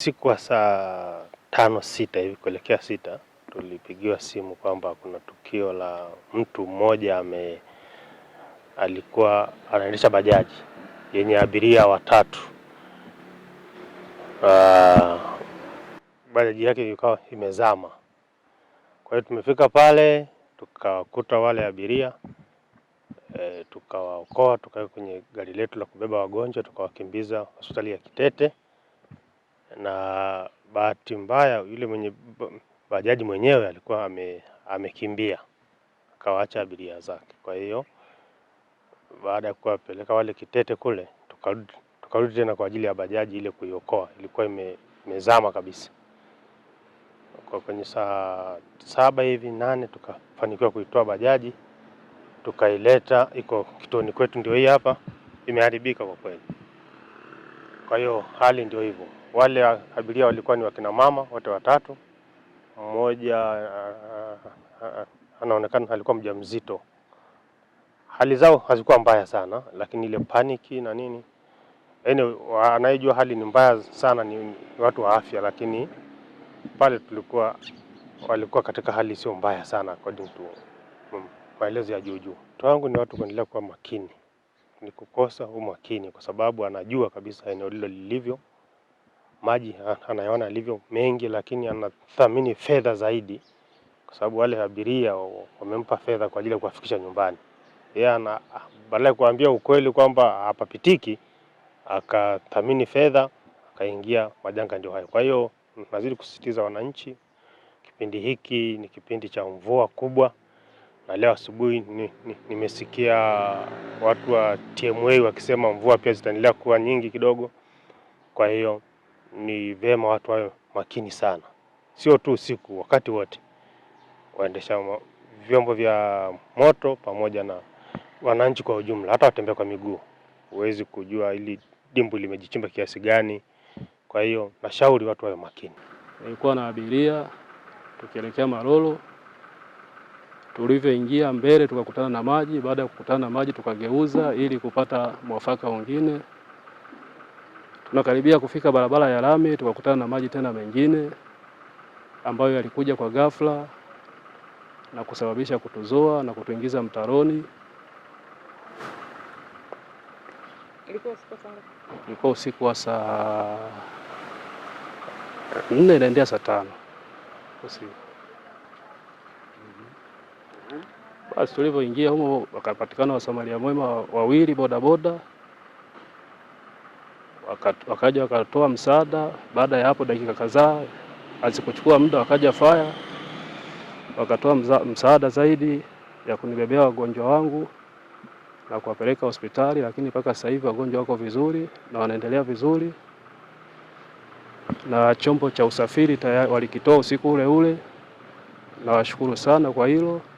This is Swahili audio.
Siku wa saa tano sita hivi kuelekea sita tulipigiwa simu kwamba kuna tukio la mtu mmoja ame alikuwa anaendesha bajaji yenye abiria watatu. Uh, bajaji yake ikawa imezama. Kwa hiyo tumefika pale tukawakuta wale abiria e, tukawaokoa tukaweka kwenye gari letu la kubeba wagonjwa tukawakimbiza hospitali ya Kitete na bahati mbaya yule mwenye bajaji mwenyewe alikuwa ame, amekimbia akawaacha abiria zake. Kwa hiyo baada ya kuwapeleka wale Kitete kule, tukarudi tukarudi tena kwa ajili ya bajaji ile kuiokoa, ilikuwa ime, imezama kabisa kwa kwenye saa saba hivi nane, tukafanikiwa kuitoa bajaji tukaileta, iko kituoni kwetu, ndio hii hapa, imeharibika kwa kweli. Kwa hiyo hali ndio hivyo, wale abiria walikuwa ni wakina mama wote watatu. Mmoja ah, ah, ah, anaonekana alikuwa mjamzito. Hali zao hazikuwa mbaya sana, lakini ile paniki na nini, yaani anayejua hali ni mbaya sana ni watu wa afya, lakini pale tulikuwa walikuwa katika hali sio mbaya sana, according to mm, maelezo ya juu juu. Wito wangu ni watu kuendelea kuwa makini ni kukosa umakini, kwa sababu anajua kabisa eneo lilo lilivyo, maji anayaona alivyo mengi, lakini anathamini fedha zaidi, kwa sababu wale abiria wamempa fedha kwa ajili ya kuwafikisha nyumbani. Yeye ana badala ya kuambia ukweli kwamba hapapitiki, akathamini fedha, akaingia majanga ndio hayo. Kwa hiyo nazidi kusisitiza wananchi, kipindi hiki ni kipindi cha mvua kubwa na leo asubuhi nimesikia ni watu wa TMA wakisema mvua pia zitaendelea kuwa nyingi kidogo. Kwa hiyo ni vema watu wawe makini sana, sio tu usiku, wakati wote, waendesha vyombo vya moto pamoja na wananchi kwa ujumla, hata watembea kwa miguu. Huwezi kujua ili dimbu limejichimba kiasi gani. Kwa hiyo nashauri watu wawe makini. Nilikuwa na abiria tukielekea Malolo Tulivyoingia mbele tukakutana na maji. Baada ya kukutana na maji, tukageuza ili kupata mwafaka mwingine. Tunakaribia kufika barabara ya lami, tukakutana na maji tena mengine ambayo yalikuja kwa ghafla na kusababisha kutuzoa na kutuingiza mtaroni. Ilikuwa usiku wa saa nne inaendea saa tano usiku. Basi tulivyoingia humo wakapatikana wasamaria mwema wawili bodaboda, wakaja wakatoa msaada. Baada ya hapo dakika kadhaa, hazikuchukua muda, wakaja faya wakatoa msaada zaidi ya kunibebea wagonjwa wangu na kuwapeleka hospitali, lakini mpaka sasa hivi wagonjwa wako vizuri na wanaendelea vizuri, na chombo cha usafiri tayari walikitoa usiku ule ule. Nawashukuru sana kwa hilo.